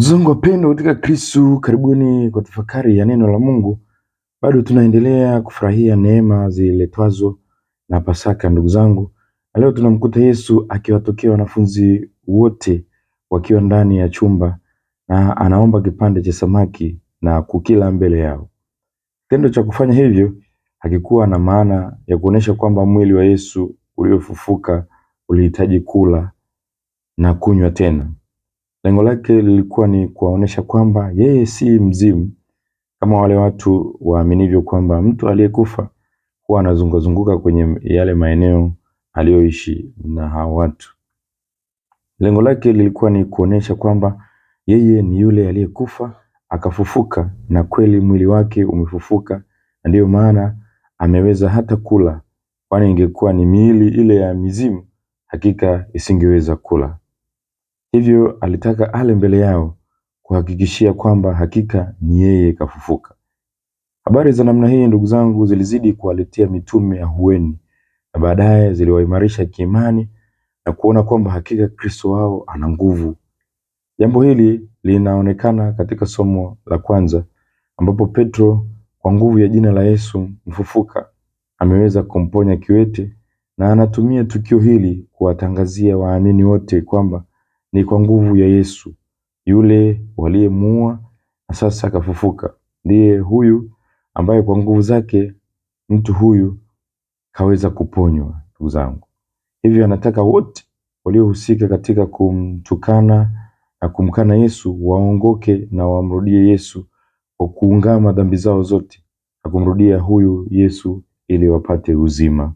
Ndugu zangu wapendwa katika Kristu, karibuni kwa tafakari ya neno la Mungu. Bado tunaendelea kufurahia neema zililetwazo na Pasaka. Ndugu zangu, leo tunamkuta Yesu akiwatokea wanafunzi wote wakiwa ndani ya chumba na anaomba kipande cha samaki na kukila mbele yao. Kitendo cha kufanya hivyo hakikuwa na maana ya kuonesha kwamba mwili wa Yesu uliofufuka ulihitaji kula na kunywa tena Lengo lake lilikuwa ni kuwaonesha kwamba yeye si mzimu kama wale watu waaminivyo kwamba mtu aliyekufa huwa anazungazunguka kwenye yale maeneo aliyoishi na hao watu. Lengo lake lilikuwa ni kuonesha kwamba yeye ni yule aliyekufa akafufuka, na kweli mwili wake umefufuka, na ndiyo maana ameweza hata kula, kwani ingekuwa ni miili ile ya mizimu, hakika isingeweza kula. Hivyo alitaka ale mbele yao kuhakikishia kwamba hakika ni yeye kafufuka. Habari za namna hii ndugu zangu zilizidi kuwaletea mitume ahueni na baadaye ziliwaimarisha kiimani na kuona kwamba hakika Kristo wao ana nguvu. Jambo hili linaonekana katika somo la kwanza ambapo Petro kwa nguvu ya jina la Yesu mfufuka ameweza kumponya kiwete na anatumia tukio hili kuwatangazia waamini wote kwamba ni kwa nguvu ya Yesu yule waliyemuua na sasa akafufuka. Ndiye huyu ambaye kwa nguvu zake mtu huyu kaweza kuponywa. Ndugu zangu, hivyo anataka wote waliohusika katika kumtukana na kumkana Yesu waongoke na wamrudie Yesu kwa kuungama dhambi zao zote na kumrudia huyu Yesu ili wapate uzima.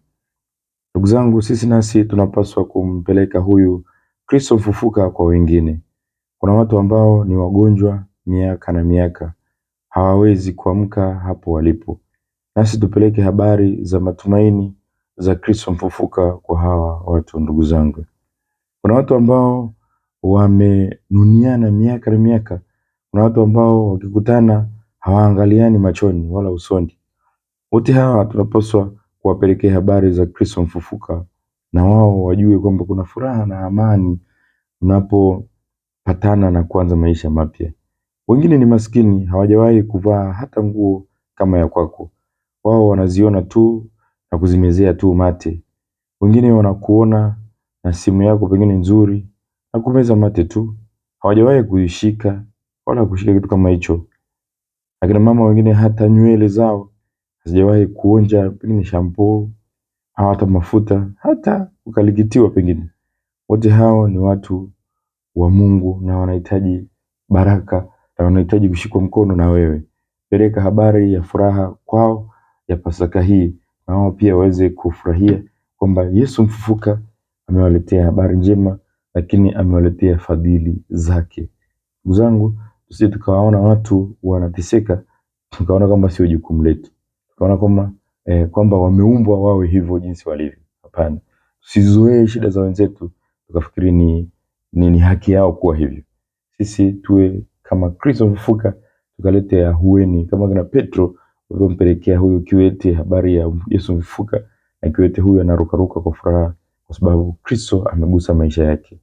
Ndugu zangu, sisi nasi tunapaswa kumpeleka huyu Kristo mfufuka kwa wengine. Kuna watu ambao ni wagonjwa miaka na miaka, hawawezi kuamka hapo walipo, nasi tupeleke habari za matumaini za Kristo mfufuka kwa hawa watu. Ndugu zangu, kuna watu ambao wamenuniana miaka na miaka. Kuna watu ambao wakikutana hawaangaliani machoni wala usoni. Wote hawa tunapaswa kuwapelekea habari za Kristo mfufuka na wao wajue kwamba kuna furaha na amani unapopatana na kuanza maisha mapya. Wengine ni maskini, hawajawahi kuvaa hata nguo kama ya kwako. Wao wanaziona tu na kuzimezea tu mate. Wengine wanakuona na simu yako pengine nzuri na kumeza mate tu. Hawajawahi kuishika wala kushika kitu kama hicho. Akina mama wengine hata nywele zao hazijawahi kuonja pengine shampoo hata mafuta, hata ukalikitiwa pengine. Wote hao ni watu wa Mungu na wanahitaji baraka na wanahitaji kushikwa mkono na wewe. Peleka habari ya furaha kwao ya Pasaka hii, na wao pia waweze kufurahia kwamba Yesu mfufuka amewaletea habari njema, lakini amewaletea fadhili zake. Ndugu zangu, tusije tukawaona watu wanateseka tukaona kwamba sio jukumu letu, tukaona kwamba eh, kwamba wameumbwa wawe hivyo jinsi walivyo. Hapana, tusizoee shida za wenzetu tukafikiri ni, ni, ni haki yao kuwa hivyo. Sisi tuwe kama Kristo mfufuka, tukalete ahueni kama kina Petro walivyompelekea huyu kiwete habari ya Yesu mfufuka, na kiwete huyu anarukaruka kwa furaha kwa sababu Kristo amegusa maisha yake.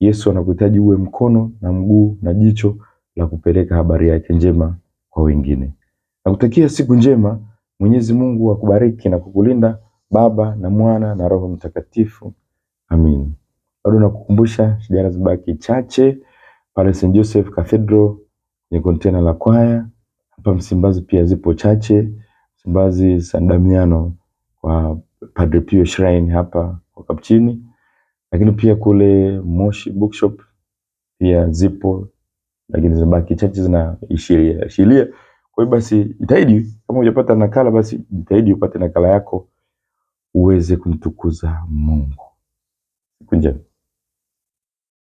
Yesu anakuhitaji uwe mkono na mguu na jicho la kupeleka habari yake njema kwa wengine. Nakutakia siku njema. Mwenyezi Mungu akubariki na kukulinda Baba na Mwana na Roho Mtakatifu. Amin. Bado nakukumbusha shajara zibaki chache pale St. Joseph Cathedral ni container la kwaya. Hapa Msimbazi pia zipo chache. Msimbazi San Damiano kwa Padre Pio Shrine hapa kwa Kapchini. Lakini pia kule Moshi Bookshop pia zipo lakini zibaki chache zinaishiria. ishiria, Ishiria kwa hiyo basi jitahidi kama hujapata nakala basi jitahidi upate nakala yako uweze kumtukuza Mungu. Siku njema.